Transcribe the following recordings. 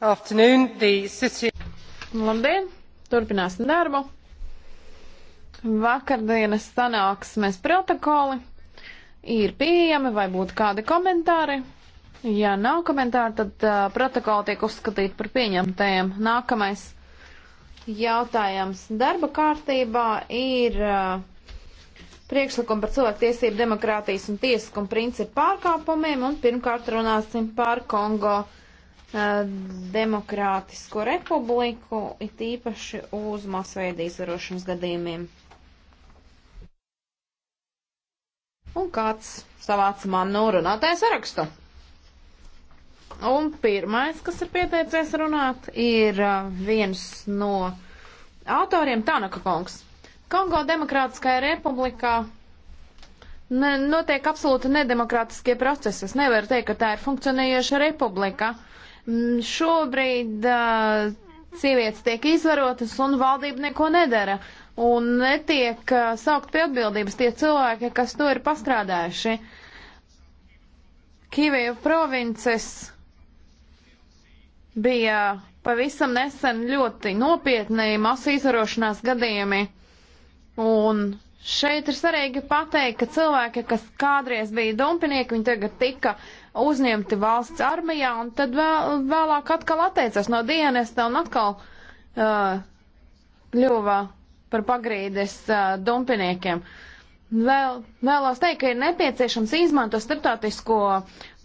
City... Labdien! Turpināsim darbu. Vakardienas sanāksmes protokoli ir pieejami vai būtu kādi komentāri. Ja nav komentāri, tad uh, protokoli tiek uzskatīti par pieņemtajiem. Nākamais jautājums darba kārtībā ir uh, priekšlikumi par cilvēktiesību, demokrātijas un tiesiskumu principu pārkāpumiem, un pirmkārt runāsim par Kongo Demokrātisko republiku, it īpaši uz masveida izvarošanas gadījumiem. Un kāds savāca man no runātāja sarakstu. Un pirmais, kas ir pieteicies runāt, ir viens no autoriem Tanaka kungs. Kongo Demokrātiskajā republikā ne, notiek absolūti nedemokrātiskie procesi. Es nevaru teikt, ka tā ir funkcionējoša republika. Uh, Mm, šobrīd uh, sievietes tiek izvarotas un valdība neko nedara. Un netiek uh, saukt pie atbildības tie cilvēki, kas to ir pastrādājuši. Kīvija provinces bija pavisam nesen ļoti nopietni masu izvarošanās gadījumi. Un šeit ir svarīgi pateikt, ka cilvēki, kas kādreiz bija dumpinieki, viņi tagad tika uh, uzņemti valsts armijā, un tad vēl, vēlāk atkal atteicās no dienesta un atkal uh, kļuva par pagrīdes uh, dumpiniekiem. Vēl, vēlos teikt, ka ir nepieciešams izmantot starptautisko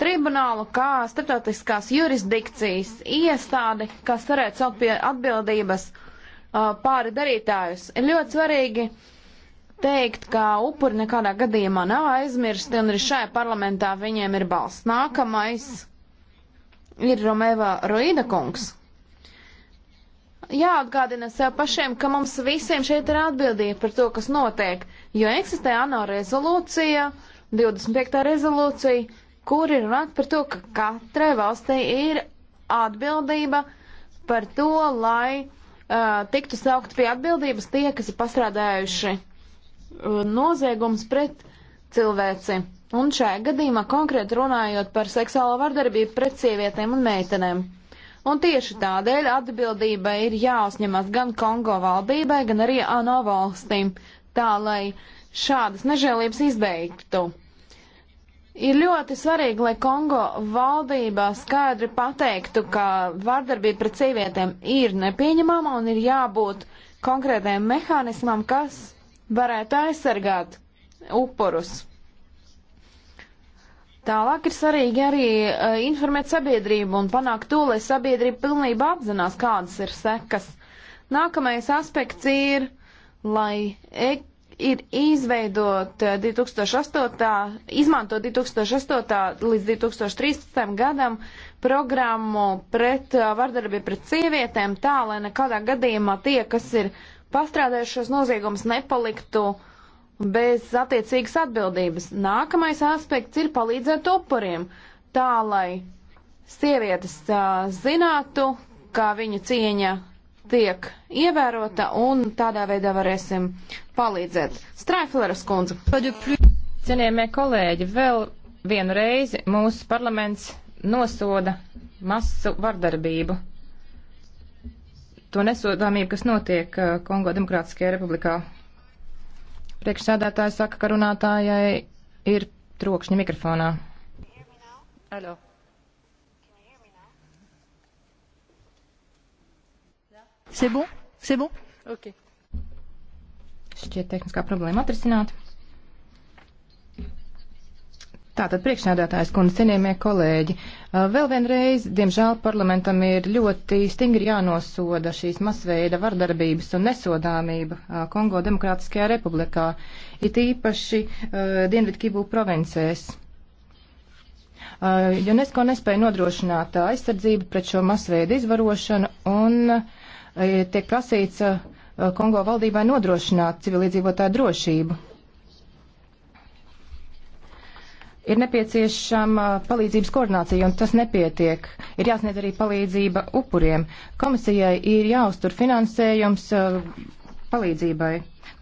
tribunālu kā starptautiskās jurisdikcijas iestādi, kas varētu celt pie atbildības uh, pāri darītājus. Ir ļoti svarīgi uh, teikt, ka upuri nekādā gadījumā nav aizmirsti, un arī šajā parlamentā viņiem ir balsts. Nākamais ir Romeva Ruīda kungs. Jāatgādina sev pašiem, ka mums visiem šeit ir atbildība par to, kas notiek, jo eksistē ANO rezolūcija, 25. rezolūcija, kur ir runāt par to, ka katrai valstī ir atbildība par to, lai uh, tiktu saukt pie atbildības tie, kas ir pastrādājuši uh, Uh, noziegums pret cilvēci. Un šajā gadījumā konkrēti runājot par seksuālo vardarbību pret sievietēm un meitenēm. Un tieši tādēļ atbildība ir jāuzņemas gan Kongo valdībai, gan arī ANO valstīm, tā lai šādas nežēlības izbeigtu. Ir ļoti svarīgi, lai Kongo valdība skaidri pateiktu, ka vardarbība pret sievietēm ir nepieņemama un ir jābūt konkrētajam mehānismam, kas varētu aizsargāt upurus. Tālāk ir svarīgi arī uh, informēt sabiedrību un panākt to, lai sabiedrība pilnībā apzinās, kādas ir sekas. Nākamais aspekts ir, lai e ir izveidot 2008, izmanto 2008 līdz 2013 gadam programmu pret uh, vardarbību pret sievietēm tā, lai nekādā gadījumā tie, kas ir uh, pastrādājušos noziegums nepaliktu bez attiecīgas atbildības. Nākamais aspekts ir palīdzēt upuriem, tā lai sievietes uh, zinātu, kā viņu cieņa tiek ievērota un tādā veidā varēsim palīdzēt. Straifleras kundze. Cienījamie kolēģi, vēl vienu reizi mūsu parlaments nosoda masu vardarbību to nesodāmību, kas notiek uh, Kongo Demokrātiskajā republikā. Priekšsēdētāja saka, ka runātājai ir trokšņi mikrofonā. Alo. C'est bon? C'est bon? Ok. Šķiet tehniskā problēma atrisināta. Tātad priekšnēdētājs kundze, cienījamie kolēģi, vēl vienreiz, diemžēl, parlamentam ir ļoti stingri jānosoda šīs masveida vardarbības un nesodāmība Kongo Demokrātiskajā republikā, it īpaši uh, Dienvidkivu provincēs. Uh, UNESCO nespēja nodrošināt aizsardzību pret šo masveidu izvarošanu un uh, tiek prasīts Kongo valdībai nodrošināt civilizētāju drošību. ir nepieciešama palīdzības koordinācija, un tas nepietiek. Ir jāsniedz arī palīdzība upuriem. Komisijai ir jāuztur finansējums uh, palīdzībai.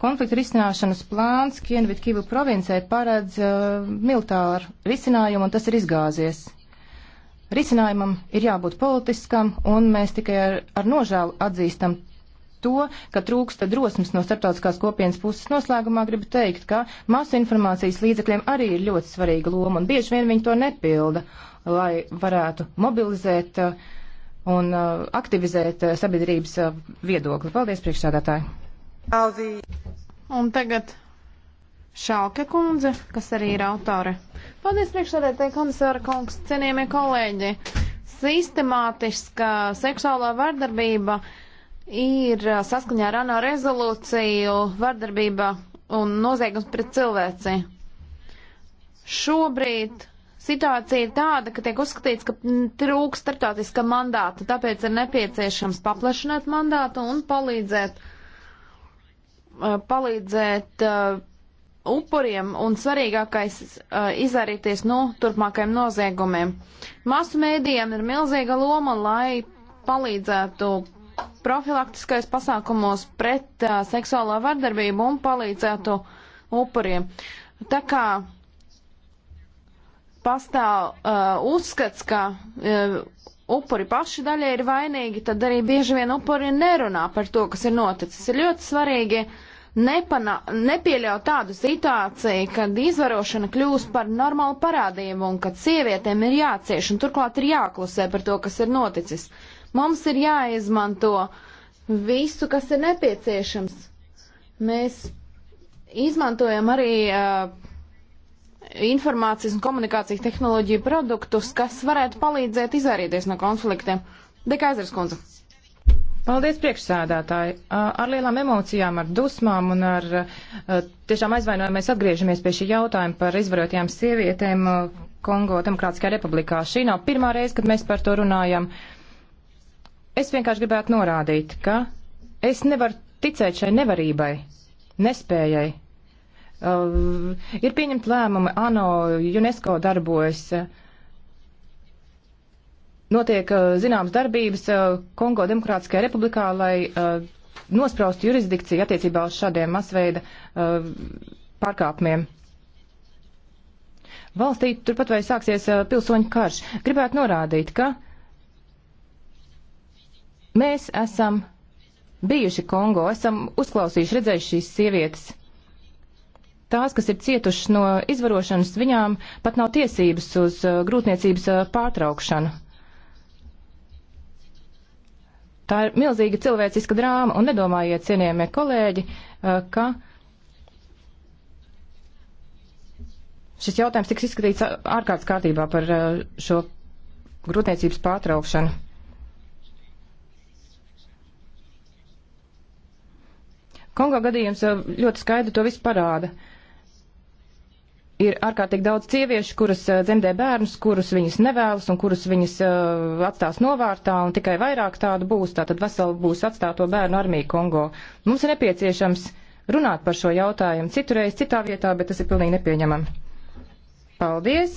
Konflikta risināšanas plāns Kienvidkivu provincē paredz uh, militāru risinājumu, un tas ir izgāzies. Risinājumam ir jābūt politiskam, un mēs tikai ar, ar nožēlu atzīstam to, ka trūksta drosmes no starptautiskās kopienas puses. Noslēgumā gribu teikt, ka masu informācijas līdzekļiem arī ir ļoti svarīga loma, un bieži vien viņi to nepilda, lai varētu mobilizēt uh, un uh, aktivizēt uh, sabiedrības viedokli. Paldies, priekšsādātāji! Paldies! Un tagad Šauke kundze, kas arī ir autore. Paldies, priekšsādātāji komisāra kungs, cienījamie kolēģi! Sistemātiska seksuālā vardarbība ir saskaņā ar ANO rezolūciju vardarbība un noziegums pret cilvēci. Šobrīd situācija ir tāda, ka tiek uzskatīts, ka trūks startautiska mandāta, tāpēc ir nepieciešams paplašināt mandātu un palīdzēt, palīdzēt uh, upuriem un svarīgākais uh, izvairīties no turpmākajiem noziegumiem. Masu mēdījiem ir milzīga loma, lai palīdzētu profilaktiskais pasākumos pret uh, seksuālā vardarbību un palīdzētu upuriem. Tā kā pastāv uh, uzskats, ka uh, upuri paši daļai ir vainīgi, tad arī bieži vien upuri nerunā par to, kas ir noticis. Ir ļoti svarīgi nepana, nepieļaut tādu situāciju, kad izvarošana kļūst par normālu parādību un kad sievietēm ir jācieš un turklāt ir jāklusē par to, kas ir noticis. Uh, Mums ir jāizmanto visu, kas ir nepieciešams. Mēs izmantojam arī uh, informācijas un komunikācijas tehnoloģiju produktus, kas varētu palīdzēt izvairīties no konfliktiem. Dekaizers kundze. Paldies priekšsēdētāji. Ar lielām emocijām, ar dusmām un ar tiešām aizvainojumu mēs atgriežamies pie šī jautājuma par izvarotajām sievietēm Kongo Demokrātiskajā republikā. Šī nav pirmā reize, kad mēs par to runājam. Uh, Es vienkārši gribētu norādīt, ka es nevaru ticēt šai nevarībai, nespējai. Uh, ir pieņemti lēmumi, ANO, UNESCO darbojas. Uh, notiek zināmas darbības uh, Kongo Demokrātiskajā republikā, lai uh, nospraustu jurisdikciju attiecībā uz šādiem masveida uh, pārkāpumiem. Valstī turpat vai sāksies pilsoņu karš. Gribētu norādīt, ka Mēs esam bijuši Kongo, esam uzklausījuši, redzējuši šīs sievietes. Tās, kas ir cietušas no izvarošanas, viņām pat nav tiesības uz uh, grūtniecības uh, pārtraukšanu. Tā ir milzīga cilvēciska drāma, un nedomājiet, cienījamie kolēģi, uh, ka šis jautājums tiks izskatīts ārkārtas kārtībā par uh, šo grūtniecības pārtraukšanu. Kongo gadījums ļoti skaidri to visu parāda. Ir ārkārtīgi daudz sieviešu, kuras eh, dzemdē bērnus, kurus viņas nevēlas un kurus viņas uh, atstās novārtā, un tikai vairāk tādu būs, tātad veseli būs atstāto bērnu armija Kongo. Mums ir nepieciešams runāt par šo jautājumu citurreiz, citā vietā, bet tas ir pilnīgi nepieņemami. Paldies!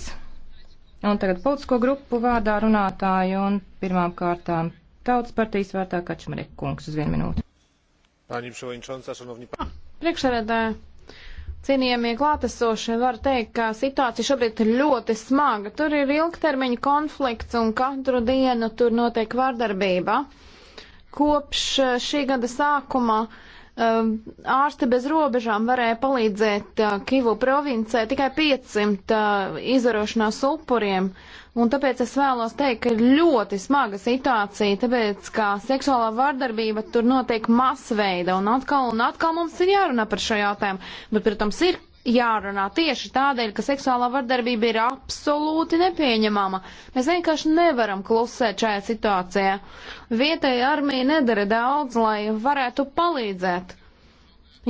Un tagad politisko grupu vārdā runātāju un pirmām kārtām Tautas partijas vārtā Kačmarek kungs uz vienu minūti. Ah, Priekšsēdētāji, cienījamie klātesošie, var teikt, ka situācija šobrīd ir ļoti smaga. Tur ir ilgtermiņa konflikts un katru dienu tur notiek vardarbība. Kopš eh, šī gada sākuma uh, Um, ārste bez robežām varēja palīdzēt uh, Kivu provincē tikai 500 uh, izvarošanās upuriem. Un tāpēc es vēlos teikt, ka ir ļoti smaga situācija, tāpēc ka seksuālā vardarbība tur notiek masveida. Un atkal un atkal mums ir jārunā par šo jautājumu. Bet, protams, ir jārunā tieši tādēļ, ka seksuālā vardarbība ir absolūti nepieņemama. Mēs vienkārši nevaram klusēt šajā situācijā. Vietēja armija nedara daudz, lai varētu palīdzēt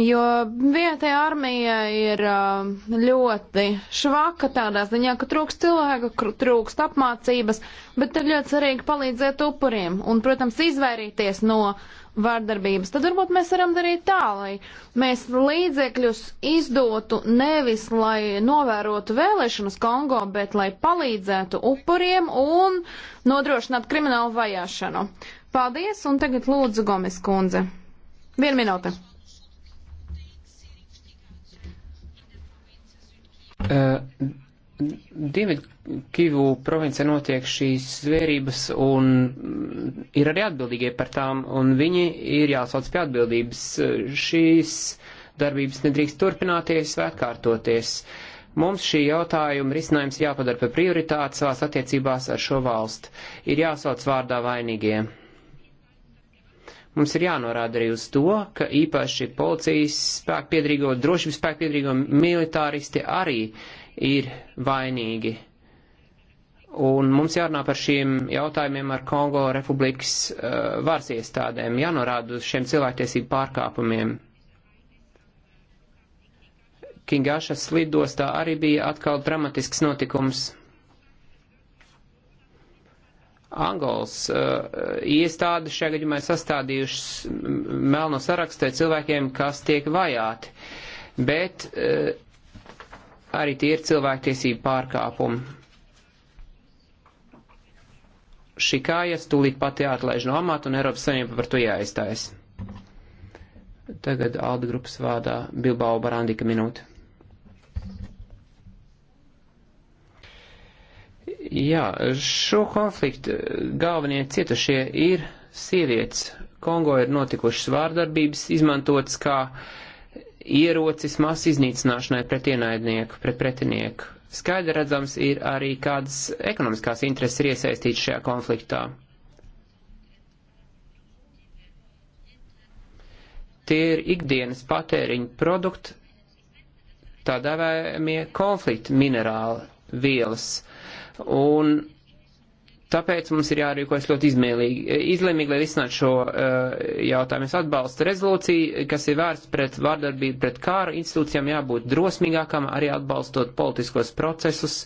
jo vietējā armija ir uh, ļoti švaka tādā ziņā, ka trūkst cilvēku, trūkst apmācības, bet ir ļoti svarīgi palīdzēt upuriem un, protams, izvairīties no vārdarbības. Tad varbūt mēs varam darīt tā, lai mēs līdzekļus izdotu nevis, lai novērotu vēlēšanas Kongo, bet lai palīdzētu upuriem un nodrošinātu kriminālu vajāšanu. Paldies, un tagad lūdzu Gomes kundze. Vienu minūti. Uh, Dienvidkivu provincē notiek šīs zvērības un ir arī atbildīgie par tām, un viņi ir jāsauc pie atbildības. Šīs darbības nedrīkst turpināties vai atkārtoties. Mums šī jautājuma risinājums jāpadara par prioritāti savās attiecībās ar šo valstu. Ir jāsauc vārdā vainīgie. Mums ir jānorāda arī uz to, ka īpaši policijas spēku piedrīgo, drošības spēku piedrīgo militāristi arī ir vainīgi. Un mums jārunā par šiem jautājumiem ar Kongo republikas uh, varas iestādēm, jānorāda uz šiem cilvēktiesību pārkāpumiem. Kingašas lidostā arī bija atkal dramatisks notikums Angolas uh, iestādes šajā gadījumā ir sastādījušas melno sarakstu cilvēkiem, kas tiek vajāti, bet uh, arī tie ir cilvēktiesību pārkāpumi. Šī kājas tūlīt pati atlaiž no amata un Eiropas Savienība par to jāizstājas. Tagad Alda grupas vārdā Bilbao Barandika minūte. Jā, šo konfliktu galvenie cietušie ir sievietes. Kongo ir notikušas vārdarbības, izmantotas kā ierocis masu iznīcināšanai pret ienaidnieku, pret pretinieku. Skaidri redzams ir arī kādas ekonomiskās intereses ir iesaistītas šajā konfliktā. Tie ir ikdienas patēriņa produkti, tādā vēmie konflikta minerāli vielas. Uh, Un tāpēc mums ir jārīkojas ļoti izmēlīgi, izlēmīgi, lai risinātu šo uh, jautājumu. Es atbalstu rezolūciju, kas ir vērsts pret vārdarbību, pret kāru institūcijām jābūt drosmīgākam, arī atbalstot politiskos procesus,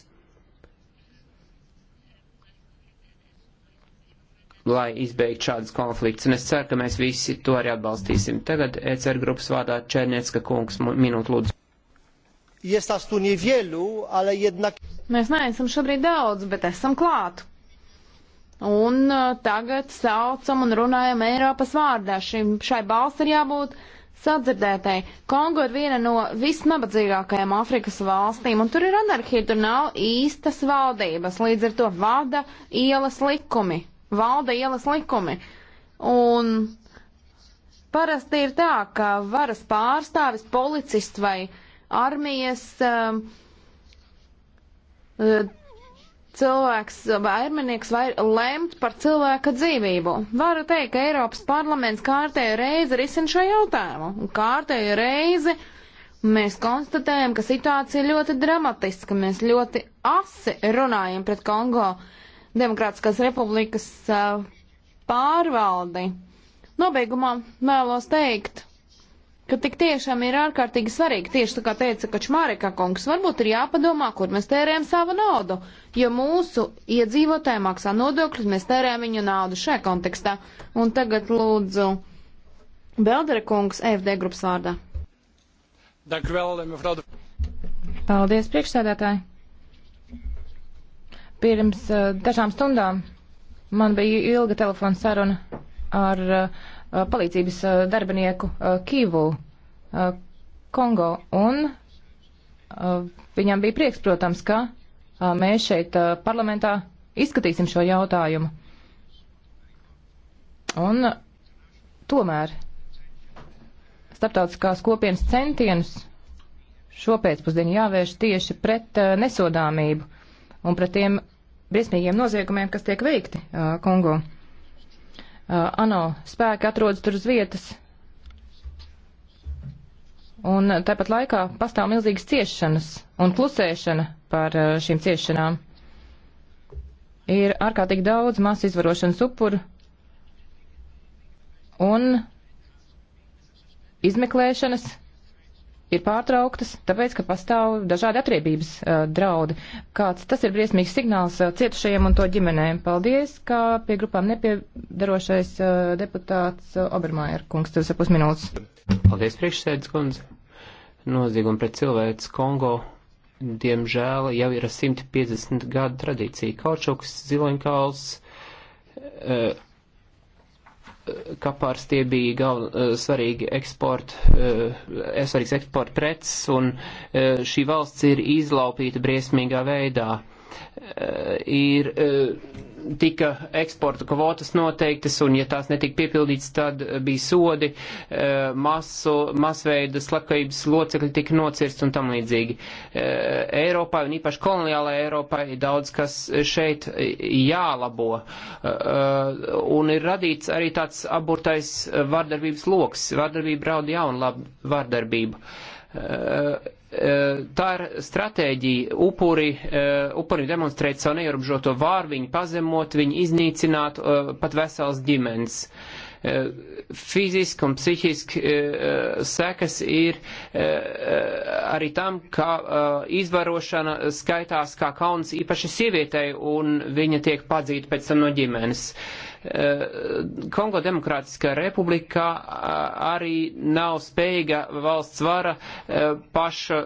lai izbeigtu šādas konflikts. Un es ceru, ka mēs visi to arī atbalstīsim. Tagad ECR grupas vārdā Černiecka kungs minūte lūdzu. Jest nas tu niewielu, ale jednak. Mēs neesam šobrīd daudz, bet esam klāt. Un uh, tagad saucam un runājam Eiropas vārdā. Šim, šai balss ir jābūt sadzirdētai. Kongo ir viena no visnabadzīgākajām Afrikas valstīm, un tur ir anarhija, tur nav īstas valdības. Līdz ar to vada ielas likumi. Valda ielas likumi. Un parasti ir tā, ka varas pārstāvis, policists vai uh, armijas um, uh, cilvēks vai arminieks vai lemt par cilvēka dzīvību. Varu teikt, ka Eiropas parlaments kārtējo reizi risina šo jautājumu. Un kārtējo reizi mēs konstatējam, ka situācija ļoti dramatiska. Mēs ļoti asi runājam pret Kongo Demokrātiskās republikas uh, pārvaldi. Nobeigumā vēlos teikt, ka tik tiešām ir ārkārtīgi svarīgi, tieši tā kā teica Kačmārika kungs, varbūt ir jāpadomā, kur mēs tērējam savu naudu, jo mūsu iedzīvotāji maksā nodokļus, mēs tērējam viņu naudu šajā kontekstā. Un tagad lūdzu Beldere kungs EFD grupas vārdā. Eh, Paldies, priekšsēdētāji. Pirms uh, dažām stundām man bija ilga telefona saruna ar uh, Uh, palīdzības uh, darbinieku uh, Kīvu Kongo. Un viņam bija prieks, protams, ka mēs šeit parlamentā izskatīsim šo jautājumu. Un tomēr starptautiskās kopienas centienus šopēcpusdienu jāvērš tieši pret uh, nesodāmību un pret tiem briesmīgiem noziegumiem, kas tiek veikti uh, Kongo. ANO spēki atrodas tur uz vietas. Un tāpat laikā pastāv milzīgas ciešanas un klusēšana par šīm ciešanām. Ir ārkārtīgi daudz masu izvarošanas upuru un izmeklēšanas ir pārtrauktas, tāpēc, ka pastāv dažādi atriebības uh, draudi. Kāds tas ir briesmīgs signāls uh, cietušajiem un to ģimenēm. Paldies, kā pie grupām nepiedarošais uh, deputāts uh, Obermaier kungs, tas ir pusminūtes. Paldies, priekšsēdus kundze. Nozieguma pret cilvēks Kongo, diemžēl, jau ir 150 gadu tradīcija. Kaučuks, ziloņkāls. Uh, kapārs tie bija gal, eh, svarīgi eksport, eh, svarīgs eksporta preces, un eh, šī valsts ir izlaupīta briesmīgā veidā. Eh, ir, eh, tika eksporta kvotas noteiktas, un ja tās netika piepildītas, tad eh, bija sodi, masu, masveida slakavības locekļi tika nocirst un tam līdzīgi. Eiropā, un īpaši koloniālajā Eiropā, ir daudz, kas šeit jālabo, un ir radīts arī tāds aburtais vardarbības loks. Vardarbība raud jaunu labu vardarbību Eh, tā ir stratēģija upuri, eh, upuri demonstrēt savu neierobežoto vāru, viņu pazemot, viņu iznīcināt, eh, pat vesels ģimenes. Fiziski un psihiski sekas ir arī tam, ka izvarošana skaitās kā kauns īpaši sievietei un viņa tiek padzīta pēc tam no ģimenes. Uh, Eh, Kongo Demokrātiskā republikā eh, arī nav spējīga valsts vara eh, paša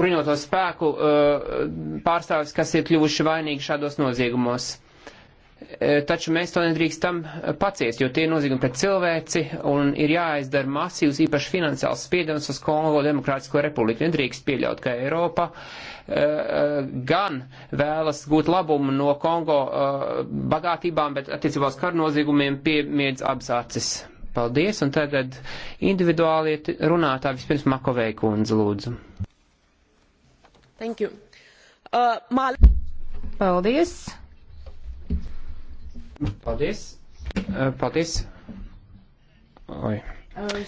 bruņoto spēku pārstāvis, kas ir kļuvuši vainīgi šādos noziegumos. E, taču mēs to nedrīkstam paciest, jo tie ir noziegumi pret cilvēci un ir jāaizdara masīvs īpaši finansiāls spiediens uz Kongo Demokrātisko republiku. Nedrīkst pieļaut, ka Eiropa e, e, gan vēlas gūt labumu no Kongo bagātībām, bet attiecībā uz karu noziegumiem piemiedz apsācis. Paldies, un tagad individuāli runātā vispirms Makovei kundze lūdzu. Thank you. Uh, Paldies. Paldies! Paldies! Oi.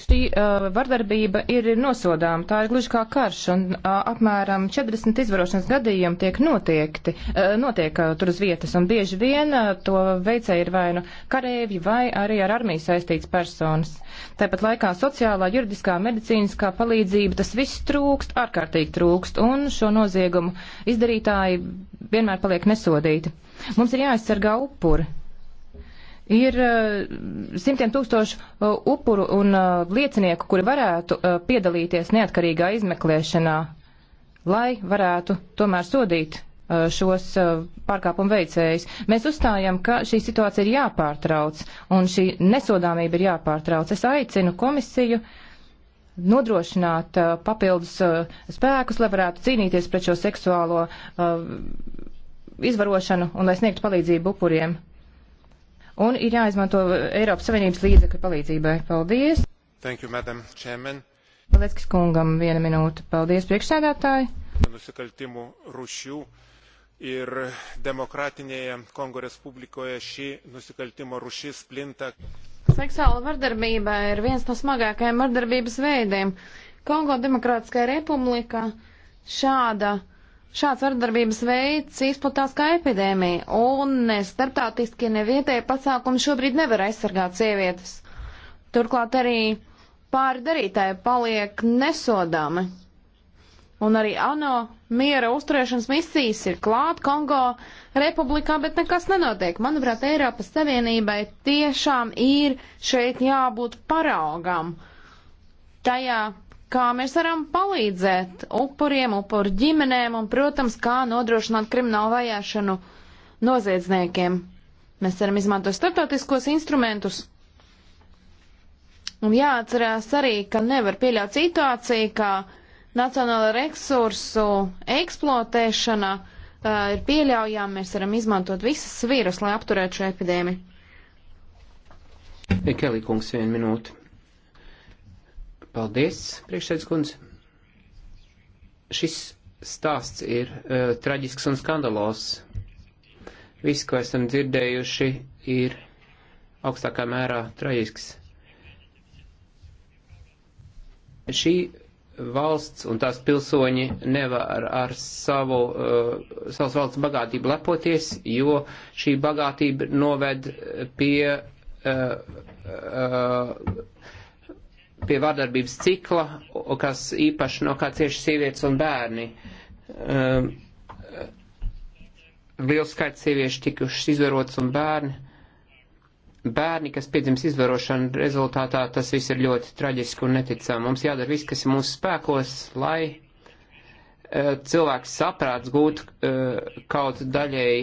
Šī uh, vardarbība ir nosodām, tā ir gluži kā karš, un uh, apmēram 40 izvarošanas gadījumi tiek notiekti, uh, notiek uh, tur uz vietas, un bieži vien uh, to veicē ir vai nu karēvi, vai arī ar armiju saistīts personas. Tāpat laikā sociālā, juridiskā, medicīniskā palīdzība, tas viss trūkst, ārkārtīgi trūkst, un šo noziegumu izdarītāji vienmēr paliek nesodīti. Mums ir jāaizsargā upuri Ir uh, simtiem tūkstošu uh, upuru un uh, liecinieku, kuri varētu piedalīties neatkarīgā izmeklēšanā, lai varētu tomēr sodīt šos pārkāpumu veicējus. Mēs uzstājam, ka šī situācija ir jāpārtrauc un šī nesodāmība ir jāpārtrauc. Es aicinu komisiju nodrošināt papildus spēkus, lai varētu cīnīties pret šo seksuālo izvarošanu un lai sniegtu palīdzību upuriem un ir jāizmanto uh, Eiropas Savienības līdzekļu palīdzībai. Paldies! Thank you, Madam Chairman. Paleckis kungam viena minūte. Paldies, priekšsēdētāji. Nusikaltimu rušių ir demokratinėje Kongo Respublikoje šį nusikaltimo rušis plinta. Seksuāla vardarbība ir viens no smagākajiem vardarbības veidiem. Kongo Demokrātiskajā republikā šāda Šāds vardarbības veids izplatās kā epidēmija, un ne starptautiskie, ne vietēji pasākumi šobrīd nevar aizsargāt sievietes. Turklāt arī pārdarītāji paliek nesodāmi. Un arī ANO miera uzturēšanas misijas ir klāt Kongo republikā, bet nekas nenotiek. Manuprāt, Eiropas Savienībai tiešām ir šeit jābūt paraugam tajā, kā mēs varam palīdzēt upuriem, upuru ģimenēm un, protams, kā nodrošināt kriminālu vajāšanu noziedzniekiem. Mēs varam izmantot starptautiskos instrumentus. Un jāatcerās arī, ka nevar pieļaut situāciju, ka nacionāla resursu eksploatēšana uh, ir pieļaujama. Mēs varam izmantot visas vīrus, lai apturētu šo epidēmiju. Kelly kungs, vienu minūti. Paldies, priekšsēdz kundze. Šis stāsts ir uh, traģisks un skandalos. Viss, ko esam dzirdējuši, ir augstākā mērā traģisks. Šī valsts un tās pilsoņi nevar ar savu, uh, savas valsts bagātību lepoties, jo šī bagātība noved pie uh, uh, pie vārdarbības cikla, kas īpaši no kā cieši sievietes un bērni. Um, liels skaits sieviešu tikušas izvarotas un bērni. Bērni, kas piedzims izvarošanu rezultātā, tas viss ir ļoti traģiski un neticami. Mums jādara viss, kas ir mūsu spēkos, lai uh, cilvēks saprāts gūtu uh, kaut daļēji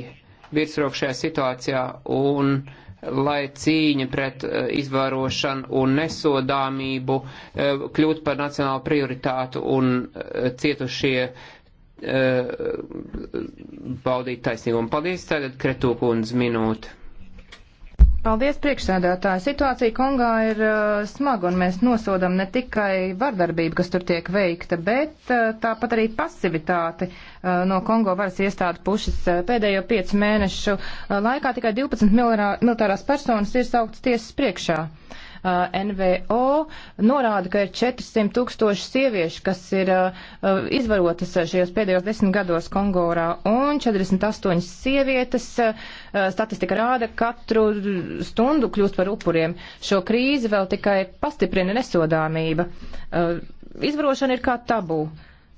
virsrokšajā situācijā un uh, lai cīņa pret eh, izvarošanu un nesodāmību eh, kļūtu par nacionālu prioritātu un eh, cietušie baudīt taisnīgumu. Paldies, tagad Kretūkundz minūte. Paldies, priekšsēdētāji. Situācija Kongā ir uh, smaga, un mēs nosodam ne tikai vardarbību, kas tur tiek veikta, bet uh, tāpat arī pasivitāti uh, no Kongo varas iestādu pušas. Uh, pēdējo piecu mēnešu uh, laikā tikai 12 militārās personas ir sauktas tiesas priekšā. Uh, Eh, NVO norāda, ka ir 400 tūkstoši sieviešu, kas ir eh, izvarotas šajos pēdējos desmit gados Kongorā, un 48 sievietes eh, statistika rāda katru stundu kļūst par upuriem. Šo krīzi vēl tikai pastiprina nesodāmība. Izvarošana ir kā tabū.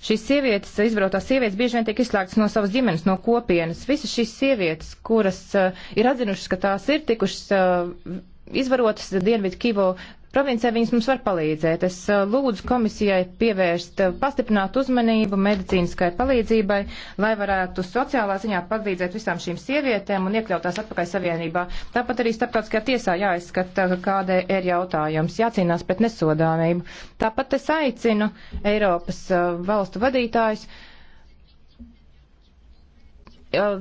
Šīs sievietes, izvarotās sievietes, bieži vien tiek izslēgtas no savas ģimenes, no kopienas. Visas šīs sievietes, kuras uh, ir atzinušas, ka tās ir tikušas uh, izvarotas Dienvidu Kivu provincē, viņas mums var palīdzēt. Es uh, lūdzu komisijai pievērst, uh, pastiprināt uzmanību medicīniskai palīdzībai, lai varētu sociālā ziņā palīdzēt visām šīm sievietēm un iekļaut tās atpakaļ savienībā. Tāpat arī starptautiskajā tiesā jāizskata, uh, kāda ir jautājums, jācīnās pret nesodāmību. Tāpat es aicinu Eiropas valstu vadītājus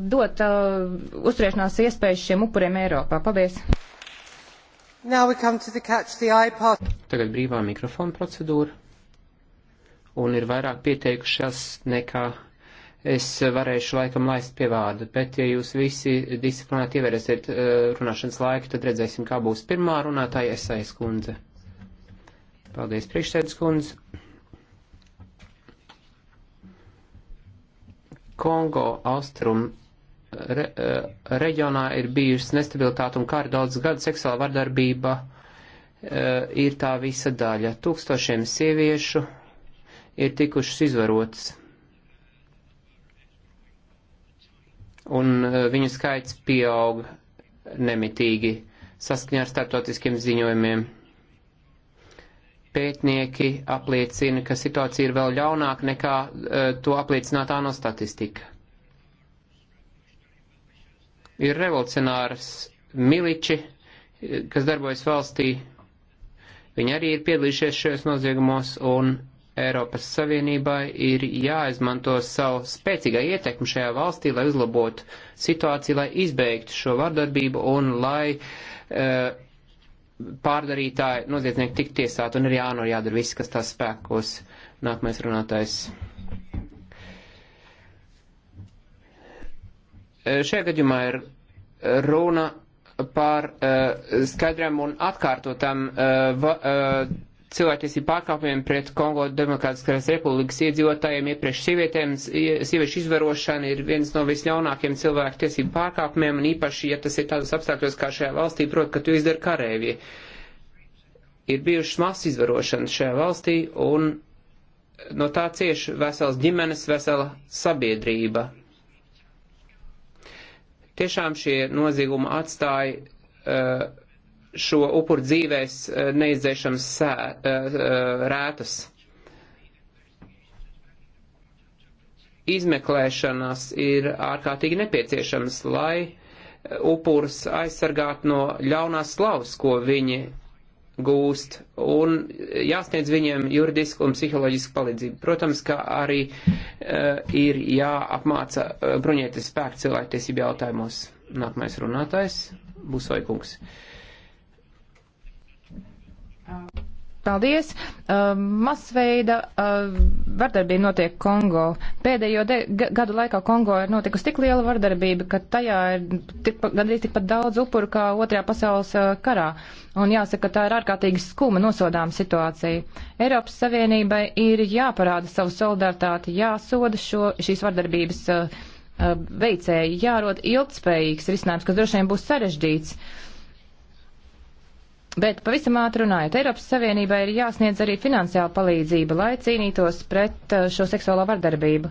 dot uh, uzturēšanās iespējas šiem upuriem Eiropā. Paldies! Tagad brīvā mikrofona procedūra. Un ir vairāk pieteikušās nekā es varēšu laikam laist pie vārda. Bet, ja jūs visi disciplinēti ievērēsiet eh, runāšanas laiku, tad redzēsim, kā būs pirmā runātāja esais kundze. Paldies, priekšsēdus kundze. Kongo austrum re, eh, reģionā ir bijusi nestabilitāte un kari daudz gadu, seksuāla vardarbība eh, ir tā visa daļa. Tūkstošiem sieviešu ir tikušas izvarotas. Un eh, viņu skaits pieaug nemitīgi saskaņā ar starptautiskiem ziņojumiem. Pētnieki apliecina, ka situācija ir vēl ļaunāka nekā to apliecinātā no statistika ir revolucionārs miliči, kas darbojas valstī. Viņi arī ir piedalījušies šajos noziegumos un Eiropas Savienībai ir jāizmanto savu spēcīgā ietekmi šajā valstī, lai uzlabotu situāciju, lai izbeigtu šo vardarbību un lai e, pārdarītāji noziedznieki tik tiesāti un ir jānor jādara viss, kas tās spēkos. Nākamais runātājs. Eh, šajā gadījumā ir runa par uh, eh, skaidrām un atkārtotam uh, va, uh, cilvēktiesību pārkāpumiem pret Kongo Demokrātiskās republikas iedzīvotājiem, iepriekš sievietēm. Sieviešu izvarošana ir viens no visļaunākajiem cilvēktiesību pārkāpumiem, un īpaši, ja tas ir tādos apstākļos kā šajā valstī, proti, ka tu izdari karēvi. Ir bijušas masas izvarošanas šajā valstī, un no tā cieši vesels ģimenes, vesela sabiedrība. Tiešām šie noziegumi atstāja uh, eh, šo upuru dzīvēs uh, eh, neizdzēšams sē, uh, uh, rētas. Izmeklēšanas ir ārkārtīgi nepieciešams, lai upurs aizsargātu no ļaunās slavas, ko viņi gūst un jāsniedz viņiem juridiska un psiholoģiska palīdzība. Protams, ka arī uh, ir jāapmāca uh, eh, bruņieties spēku cilvēktiesību jautājumos. Nākamais runātājs būs Oikungs. Uh. Um, Paldies! Uh, masveida uh, vardarbība notiek Kongo. Pēdējo gadu laikā Kongo ir notikusi tik liela vardarbība, ka tajā ir tik, gandrīz tikpat daudz upuru kā otrajā pasaules uh, karā. Un jāsaka, ka tā ir ārkārtīgi skuma nosodām situācija. Eiropas Savienībai ir jāparāda savu solidaritāti, jāsoda šo, šīs vardarbības uh, uh veicēji, jārod ilgspējīgs risinājums, kas droši vien būs sarežģīts. Uh, Bet pavisam ātri runājot, Eiropas Savienībai ir jāsniedz arī finansiāla palīdzība, lai cīnītos pret uh, šo seksuālo vardarbību.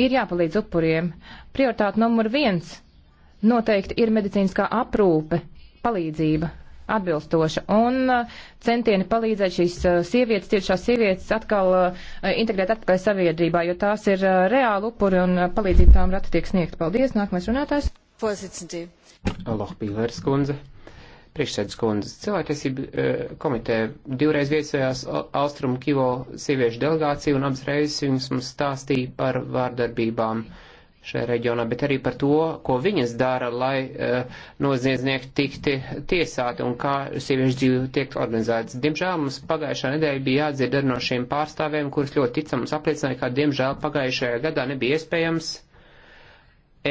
Ir jāpalīdz upuriem. Prioritāte numur viens noteikti ir medicīniskā aprūpe, palīdzība atbilstoša un uh, centieni palīdzēt šīs uh, sievietes, tieši šās sievietes atkal integrēt atpakaļ sabiedrībā, jo tās ir reāli upuri un palīdzību tām rati tiek sniegta. Paldies, nākamais runātājs. Pozitīvi. Alohpīlērs kundze priekšsēdus kundzes. Cilvēktiesība eh, komiteja divreiz viesojās Austrumu Kivo sieviešu delegāciju un abas reizes viņas mums stāstīja par vārdarbībām šajā reģionā, bet arī par to, ko viņas dara, lai uh, noziedznieki tikti tiesāti un kā sieviešu dzīve tiek organizētas. Diemžēl mums pagājušā nedēļa bija jādzird no šiem pārstāvēm, kurus ļoti ticams apliecināja, ka diemžēl pagājušajā gadā nebija iespējams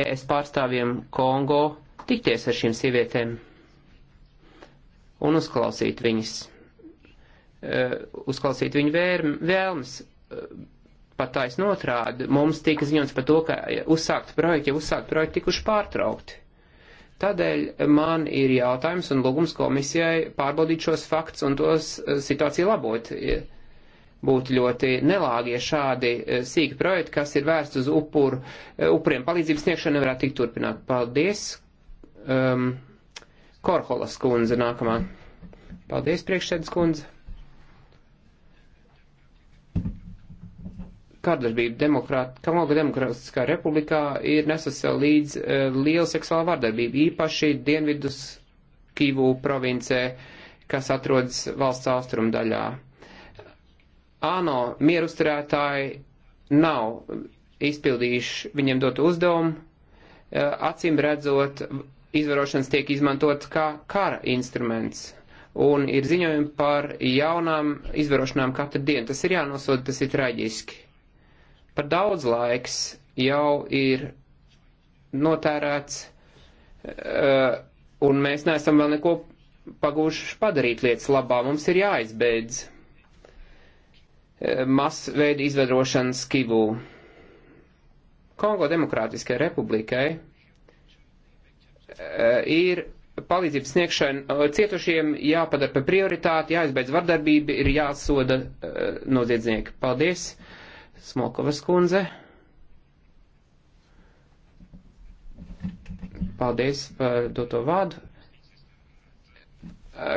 ES pārstāvjiem Kongo tikties ar šīm sievietēm un uzklausīt viņas, eh, uzklausīt viņu vēlmes. Eh, pat taisn otrādi, mums tika ziņots par to, ka uzsākt projekti, ja uzsākt projekti tikuši pārtraukti. Tādēļ man ir jautājums un lūgums komisijai pārbaudīt šos faktus un tos eh, situāciju labot. Būtu ļoti nelāgi, ja šādi sīki projekti, kas ir vērsti uz upuru, upuriem palīdzības sniegšanu, nevarētu tikt turpināt. Paldies! Um, Korholas kundze nākamā. Paldies, priekšsēdus kundze. Kārdarbība demokrāta, Kamalga Demokrātiskā republikā ir nesusi līdz uh, liela seksuāla vardarbība, īpaši dienvidus Kīvu provincē, kas atrodas valsts austrumu daļā. ANO mierusturētāji nav izpildījuši viņiem dotu uzdevumu, uh, e, acīm redzot, izvarošanas tiek izmantots kā kara instruments. Un ir ziņojumi par jaunām izvarošanām katru dienu. Tas ir jānosoda, tas ir traģiski. Par daudz laiks jau ir notērēts, uh, un mēs neesam vēl neko pagūši padarīt lietas labā. Mums ir jāizbeidz uh, masveida izvarošanas kivū. Kongo Demokrātiskajai republikai Eh, ir palīdzības sniegšana eh, cietušiem jāpadara par prioritāti, jāizbeidz vardarbība, ir jāsoda eh, noziedznieki. Paldies, Smolkovas kundze. Paldies par doto vārdu.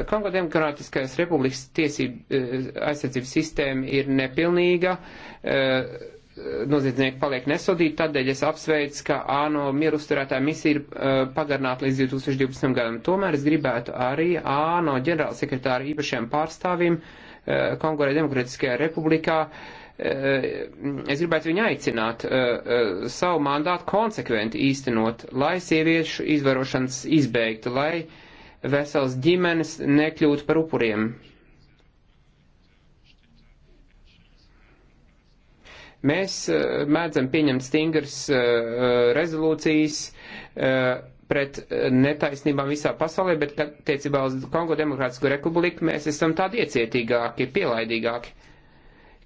Kongo Demokrātiskais republikas tiesība aizsardzības sistēma ir nepilnīga. Uh, noziedznieki paliek nesodīti, tādēļ es apsveicu, ka ANO mieru uzturētāja misija ir uh, pagarināta līdz 2012. gadam. Tomēr es gribētu arī ANO ģenerālsekretāra īpašiem pārstāvim uh, Kongorē Demokrātiskajā republikā. Uh, es gribētu viņu aicināt uh, uh, savu mandātu konsekventi īstenot, lai sieviešu izvarošanas izbeigtu, lai veselas ģimenes nekļūtu par upuriem Mēs eh, mēdzam pieņemt stingras eh, eh, rezolūcijas pret netaisnībām visā pasaulē, bet attiecībā uz Kongo Demokrātisko republiku mēs esam tādi iecietīgāki, pielaidīgāki.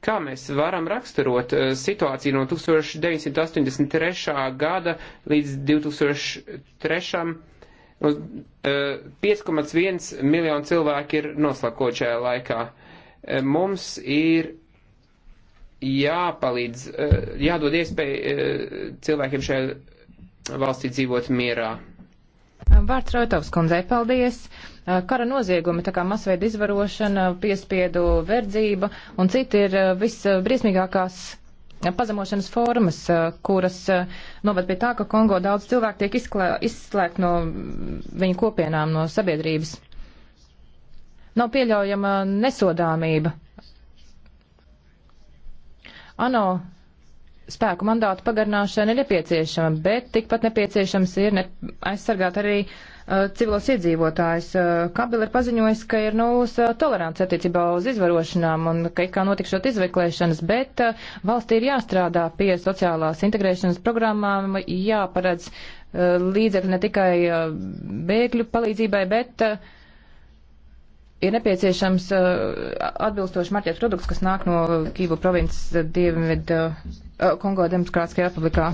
Kā mēs varam raksturot situāciju no 1983. gada līdz 2003. 5,1 miljonu cilvēku ir noslakot šajā laikā. Mums ir jāpalīdz, eh, jādod iespēju eh, cilvēkiem šajā valstī dzīvot mierā. Vārds Rautovs kundzei, paldies! Eh, kara noziegumi, tā kā masveida izvarošana, piespiedu verdzība un citi ir visbriesmīgākās pazemošanas formas, kuras novad pie tā, ka Kongo daudz cilvēku tiek izslēgt no viņu kopienām, no sabiedrības. Nav pieļaujama nesodāmība ANO spēku mandātu pagarināšana ir nepieciešama, bet tikpat nepieciešams ir ne aizsargāt arī uh, civilos iedzīvotājus. Uh, Kabila ir paziņojis, ka ir nulles uh, tolerants attiecībā uz izvarošanām un ka it kā notikšot izveklēšanas, bet uh, valstī ir jāstrādā pie sociālās integrēšanas programmām, jāparedz uh, līdzekļi ne tikai uh, bēgļu palīdzībai, bet uh, ir nepieciešams uh, atbilstoši marķēt produkts, kas nāk no Kīvu provinces uh, Dienvidu uh, Kongo Demokrātiskajā republikā.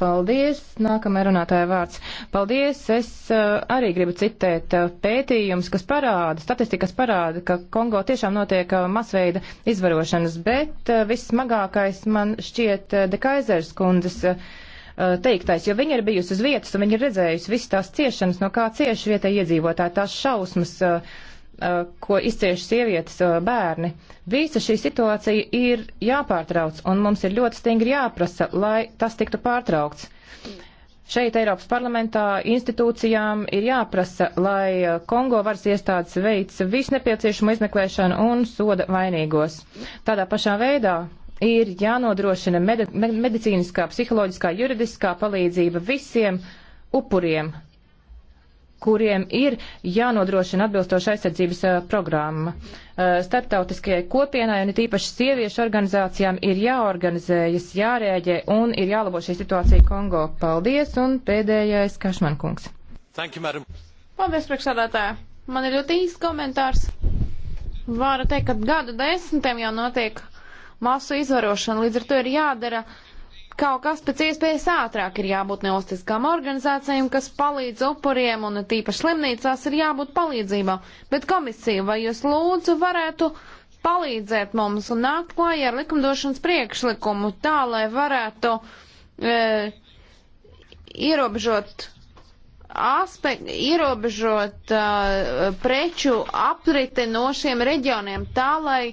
Paldies! Nākamajā runātāja vārds. Paldies! Es uh, arī gribu citēt uh, pētījums, kas parāda, statistikas parāda, ka Kongo tiešām notiek uh, masveida izvarošanas, bet uh, vissmagākais man šķiet uh, Dekaizers kundzes. Uh, uh, teiktais, jo viņa ir bijusi uz vietas un viņa ir redzējusi visas tās ciešanas, no kā cieši vietēji iedzīvotāji, tās šausmas, uh, Eh, ko izcieš sievietes eh, bērni. Visa šī situācija ir jāpārtrauc, un mums ir ļoti stingri jāprasa, lai tas tiktu pārtraukts. Šeit Eiropas parlamentā institūcijām ir jāprasa, lai eh, Kongo varas iestādes veic visu nepieciešamo izmeklēšanu un soda vainīgos. Tādā pašā veidā ir jānodrošina med medicīniskā, psiholoģiskā, juridiskā palīdzība visiem upuriem kuriem ir jānodrošina atbilstoša aizsardzības uh, programma. Uh, starptautiskajai kopienai un tīpaši sieviešu organizācijām ir jāorganizējas, jārēģē un ir jālabo šī situācija Kongo. Paldies un pēdējais Kašmankungs. Thank you, madam. Paldies, priekšsādātāja. Man ir ļoti īsts komentārs. Varu teikt, ka gadu desmitiem jau notiek masu izvarošana, līdz ar to ir jādara uh, Kaut kas pēc iespējas ātrāk ir jābūt neostiskām organizācijām, kas palīdz upuriem un tīpaši slimnīcās ir jābūt palīdzībā. Bet komisija, vai jūs lūdzu varētu palīdzēt mums un nākt klājā ar likumdošanas priekšlikumu tā, lai varētu e, ierobežot aspekti, ierobežot uh, preču aprite no šiem reģioniem tā, lai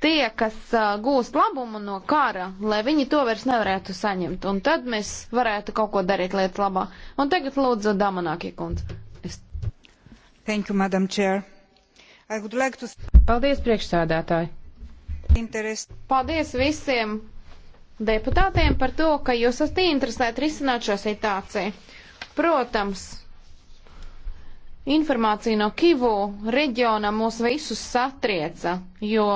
tie, kas uh, gūst labumu no kara, lai viņi to vairs nevarētu saņemt. Un tad mēs varētu kaut ko darīt lietas labā. Un tagad lūdzu Damanākie kundze. Es... Thank you, Madam Chair. I would like to... Paldies, priekšsādātāji. Interest. Paldies visiem deputātiem par to, ka jūs esat interesēti risināt šo situāciju. Protams, informācija no Kivu reģiona mūs visus satrieca, jo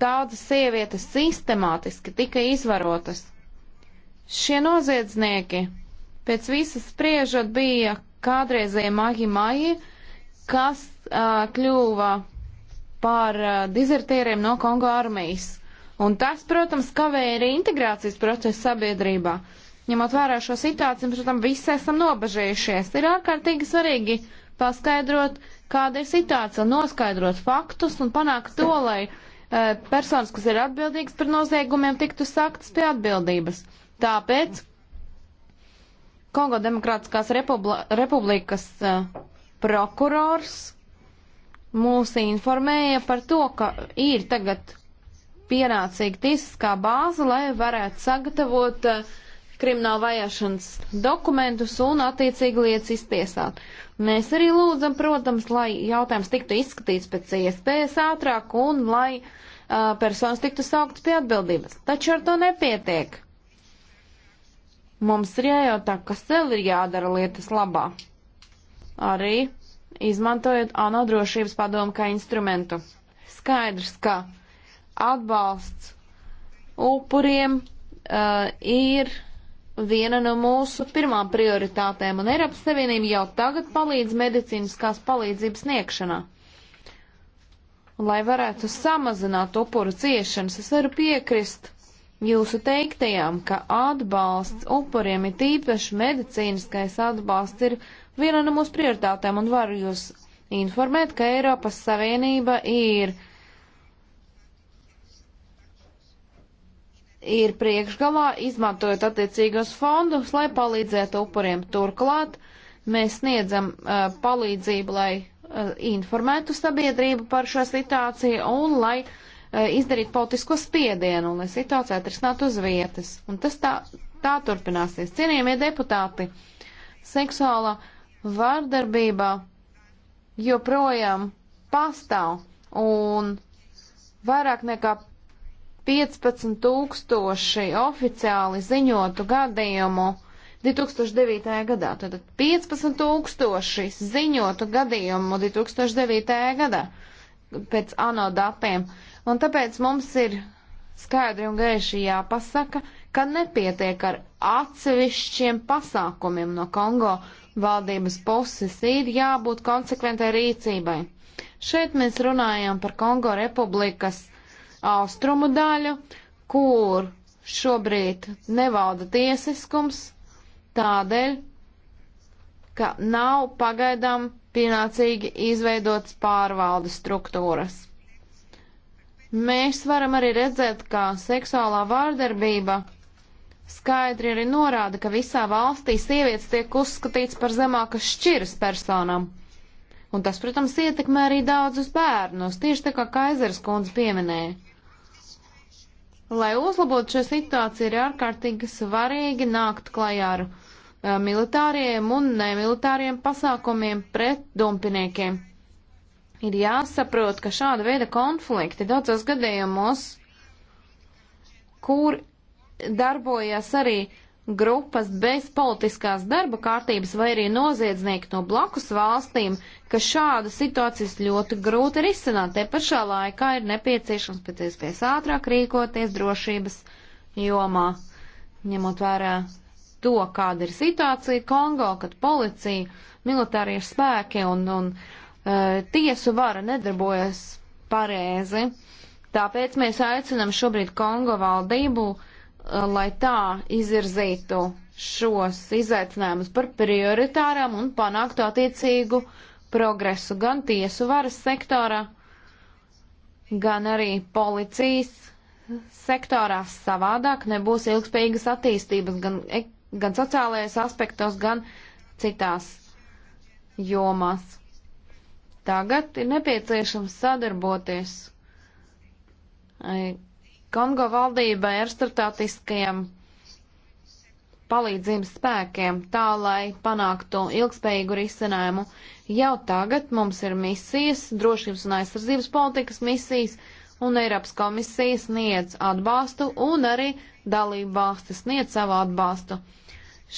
Daudzas sievietes sistemātiski tika izvarotas. Šie noziedznieki pēc visas spriežot bija kādreizie mahi maji, kas uh, kļuva par uh, dizertieriem no Kongo armijas. Un tas, protams, kavēja arī integrācijas procesu sabiedrībā. Ņemot vērā šo situāciju, protams, visi esam nobežējušies. Ir ārkārtīgi svarīgi paskaidrot, kāda ir situācija, noskaidrot faktus un panākt to, lai uh, Eh, personas, kas ir atbildīgas par noziegumiem, tiktu saktas pie atbildības. Tāpēc Kongo Demokrātiskās republi republikas uh, prokurors mūs informēja par to, ka ir tagad pienācīga tiesiskā bāze, lai varētu sagatavot uh, krimināla vajāšanas dokumentus un attiecīgi lietas iztiesāt. Mēs arī lūdzam, protams, lai jautājums tiktu izskatīts pēc iespējas ātrāk un lai uh, personas tiktu sauktas pie atbildības. Taču ar to nepietiek. Mums ir jājautā, kas vēl ir jādara lietas labā. Arī izmantojot ANO drošības padomu kā instrumentu. Skaidrs, ka atbalsts upuriem uh, ir viena no mūsu pirmām prioritātēm, un Eiropas Savienība jau tagad palīdz medicīniskās palīdzības sniegšanā. Lai varētu samazināt upuru ciešanas, es varu piekrist jūsu teiktajām, ka atbalsts upuriem ir tīpaši medicīniskais atbalsts ir viena no mūsu prioritātēm, un varu jūs informēt, ka Eiropas Savienība ir ir priekšgalā, izmantojot attiecīgos fondus, lai palīdzētu upuriem. Turklāt mēs sniedzam uh, palīdzību, lai uh, informētu sabiedrību par šo situāciju un lai uh, izdarītu politisko spiedienu, un lai situācija atrisinātu uz vietas. Un tas tā, tā turpināsies. Cienījamie deputāti, seksuāla vārdarbība joprojām pastāv un vairāk nekā 15 tūkstoši oficiāli ziņotu gadījumu 2009. gadā. Tātad 15 tūkstoši ziņotu gadījumu 2009. gadā pēc ANO datiem. Un tāpēc mums ir skaidri un gaiši jāpasaka, ka nepietiek ar atsevišķiem pasākumiem no Kongo valdības puses, ir jābūt konsekventai rīcībai. Šeit mēs runājam par Kongo republikas uh, austrumu daļu, kur šobrīd nevalda tiesiskums tādēļ, ka nav pagaidām pienācīgi izveidotas pārvaldes struktūras. Mēs varam arī redzēt, ka seksuālā vārdarbība skaidri arī norāda, ka visā valstī sievietes tiek uzskatīts par zemākas šķiras personām. Un tas, protams, ietekmē arī daudzus bērnus, tieši tā kā Kaizers kundze pieminēja. Lai uzlabotu šo situāciju, ir ārkārtīgi svarīgi nākt klajā ar uh, militāriem un nemilitāriem pasākumiem pret dumpiniekiem. Ir jāsaprot, ka šāda veida konflikti daudzos gadījumos, kur darbojas arī uh, grupas bez politiskās darba kārtības vai arī noziedznieki no blakus valstīm, ka šādas situācijas ļoti grūti risināt. Te pašā laikā ir nepieciešams pēc iespējas ātrāk rīkoties drošības jomā, ņemot vērā to, kāda ir situācija Kongo, kad policija, militārie spēki un, un uh, tiesu vara nedarbojas pareizi. Tāpēc mēs aicinam šobrīd Kongo valdību uh, lai tā izirzītu šos izaicinājumus par prioritārām un panāktu attiecīgu progresu gan tiesu varas sektorā, gan arī policijas sektorā savādāk nebūs ilgspējīgas attīstības gan, gan sociālajos aspektos, gan citās jomās. Tagad ir nepieciešams sadarboties Kongo valdībai ar startautiskajiem palīdzības spēkiem, tā lai panāktu ilgspējīgu risinājumu. Jau tagad mums ir misijas, drošības un aizsardzības politikas misijas, un Eiropas komisija sniedz atbalstu, un arī dalību valstis sniedz savu atbalstu.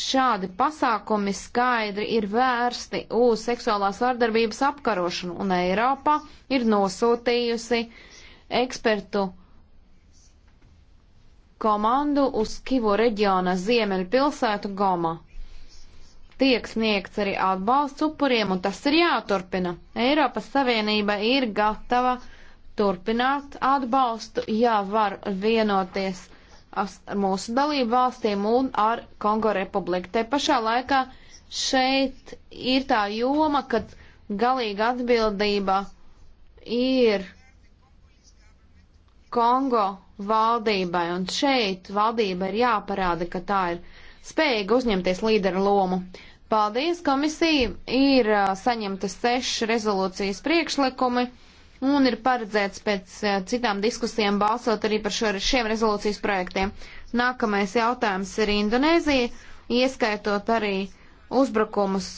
Šādi pasākumi skaidri ir vērsti uz seksuālās vardarbības apkarošanu, un Eiropa ir nosūtījusi ekspertu komandu uz Kivu reģiona ziemeļu pilsētu Goma. Tiek sniegts arī atbalsts upuriem, un tas ir jāturpina. Eiropas Savienība ir gatava turpināt atbalstu, ja var vienoties ar mūsu dalību valstīm un ar Kongo republiku. Te pašā laikā šeit ir tā joma, kad galīga atbildība ir Kongo valdībai, un šeit valdība ir jāparāda, ka tā ir spējīga uzņemties līdera lomu. Paldies, komisija! Ir saņemtas seši rezolūcijas priekšlikumi, un ir paredzēts pēc citām diskusijām balsot arī par šo, šiem rezolūcijas projektiem. Nākamais jautājums ir Indonēzija, ieskaitot arī uzbrukumus